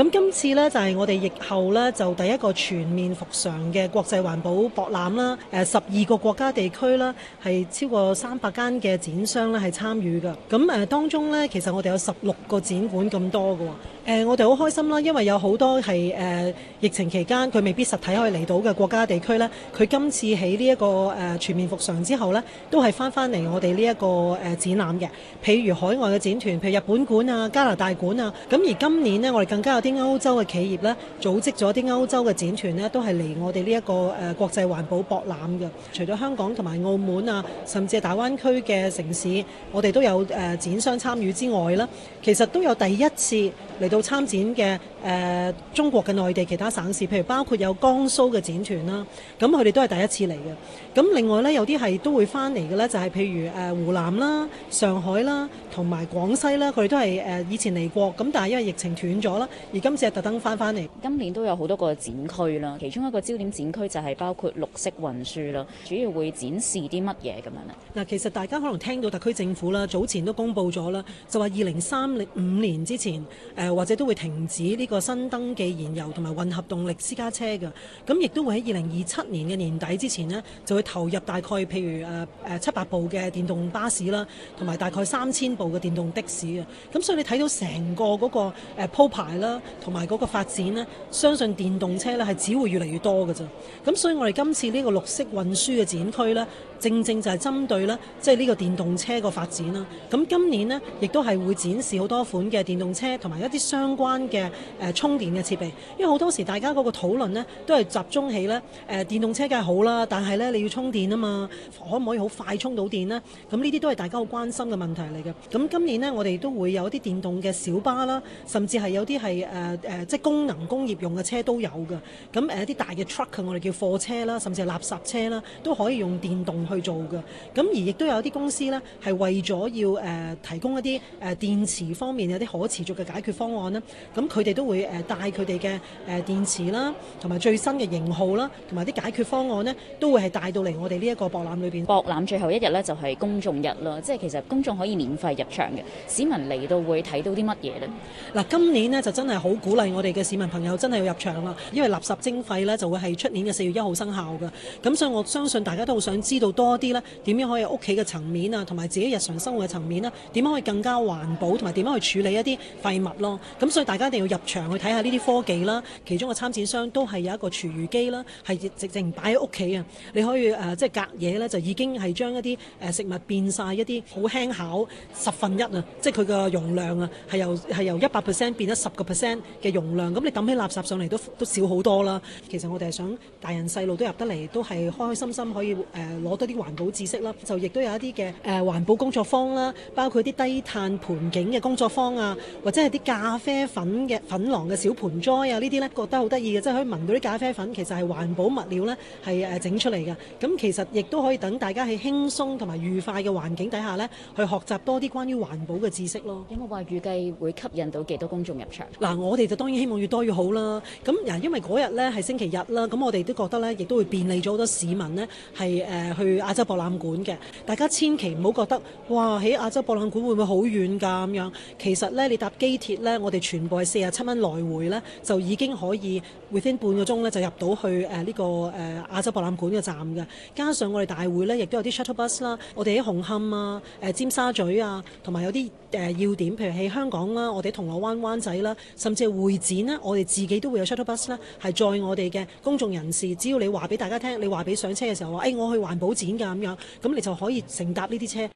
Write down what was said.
咁今次咧就係、是、我哋疫後咧就第一個全面復常嘅國際環保博覽啦，誒十二個國家地區啦，係超過三百間嘅展商咧係參與嘅。咁誒當中咧，其實我哋有十六個展館咁多嘅喎。誒我哋好開心啦，因為有好多係誒疫情期間佢未必實體可以嚟到嘅國家地區咧，佢今次喺呢一個誒全面復常之後咧，都係翻翻嚟我哋呢一個誒展覽嘅。譬如海外嘅展團，譬如日本館啊、加拿大館啊，咁而今年咧我哋更加有啲。啲歐洲嘅企業咧，組織咗啲歐洲嘅展團咧，都係嚟我哋呢一個誒國際環保博覽嘅。除咗香港同埋澳門啊，甚至係大灣區嘅城市，我哋都有誒展商參與之外啦，其實都有第一次嚟到參展嘅誒中國嘅內地其他省市，譬如包括有江蘇嘅展團啦，咁佢哋都係第一次嚟嘅。咁另外咧，有啲係都會返嚟嘅咧，就係譬如誒湖南啦、上海啦、同埋廣西啦，佢哋都係誒以前嚟過，咁但係因為疫情斷咗啦。今次特登翻翻嚟，今年都有好多個展區啦。其中一個焦點展區就係包括綠色運輸啦，主要會展示啲乜嘢咁樣嗱，其實大家可能聽到特區政府啦，早前都公布咗啦，就話二零三五年之前，誒或者都會停止呢個新登記燃油同埋混合動力私家車嘅。咁亦都會喺二零二七年嘅年底之前呢，就會投入大概譬如誒誒七八部嘅電動巴士啦，同埋大概三千部嘅電動的士嘅。咁所以你睇到成個嗰個誒鋪排啦。同埋嗰個發展咧，相信電動車咧係只會越嚟越多嘅啫。咁所以，我哋今次呢個綠色運輸嘅展區咧，正正就係針對咧，即係呢個電動車個發展啦。咁今年呢，亦都係會展示好多款嘅電動車同埋一啲相關嘅誒、呃、充電嘅設備。因為好多時大家嗰個討論咧，都係集中喺咧誒電動車梗係好啦，但係咧你要充電啊嘛，可唔可以好快充到電呢？咁呢啲都係大家好關心嘅問題嚟嘅。咁今年呢，我哋都會有啲電動嘅小巴啦，甚至係有啲係誒、呃、誒，即係功能工業用嘅車都有嘅，咁誒一啲大嘅 truck，我哋叫貨車啦，甚至係垃圾車啦，都可以用電動去做嘅。咁而亦都有啲公司呢，係為咗要誒提供一啲誒電池方面有啲可持續嘅解決方案咧。咁佢哋都會誒帶佢哋嘅誒電池啦，同埋最新嘅型號啦，同埋啲解決方案呢，都會係帶到嚟我哋呢一個博覽裏邊。博覽最後一日呢，就係公眾日啦，即係其實公眾可以免費入場嘅。市民嚟到會睇到啲乜嘢呢？嗱、呃，今年呢，就真係～好鼓勵我哋嘅市民朋友真係要入場啦，因為垃圾徵費呢就會係出年嘅四月一號生效㗎。咁所以我相信大家都好想知道多啲啦，點樣可以屋企嘅層面啊，同埋自己日常生活嘅層面咧，點樣可以更加環保同埋點樣去處理一啲廢物咯。咁所以大家一定要入場去睇下呢啲科技啦。其中嘅參展商都係有一個廚餘機啦，係直情擺喺屋企啊。你可以誒即係隔夜呢，就已經係將一啲誒食物變晒一啲好輕巧十分一啊，即係佢個容量啊，係由係由一百 percent 變咗十個 percent。嘅容量，咁你抌起垃圾上嚟都都少好多啦。其實我哋係想大人細路都入得嚟，都係開開心心可以誒攞多啲環保知識啦。就亦都有一啲嘅誒環保工作坊啦，包括啲低碳盆景嘅工作坊啊，或者係啲咖啡粉嘅粉囊嘅小盆栽啊，呢啲呢覺得好得意嘅，即係可以聞到啲咖啡粉其實係環保物料呢係誒整出嚟嘅。咁其實亦都可以等大家喺輕鬆同埋愉快嘅環境底下呢，去學習多啲關於環保嘅知識咯。有冇話預計會吸引到幾多公眾入場？我哋就當然希望越多越好啦。咁嗱，因為嗰日呢係星期日啦，咁我哋都覺得呢亦都會便利咗好多市民呢係誒、呃、去亞洲博覽館嘅。大家千祈唔好覺得，哇！喺亞洲博覽館會唔會好遠㗎咁樣？其實呢，你搭機鐵呢，我哋全部係四十七蚊來回呢，就已經可以 within 半個鐘呢就入到去誒呢、呃這個誒亞、呃、洲博覽館嘅站嘅。加上我哋大會呢，亦都有啲 shuttle bus 啦，我哋喺紅磡啊、誒、呃、尖沙咀啊，同埋有啲誒、呃、要點，譬如喺香港啦，我哋喺銅鑼灣灣仔啦，即係會展咧，我哋自己都會有 shuttle bus 啦，係載我哋嘅公眾人士。只要你話俾大家聽，你話俾上車嘅時候話，誒、哎，我去環保展噶咁樣，咁你就可以乘搭呢啲車。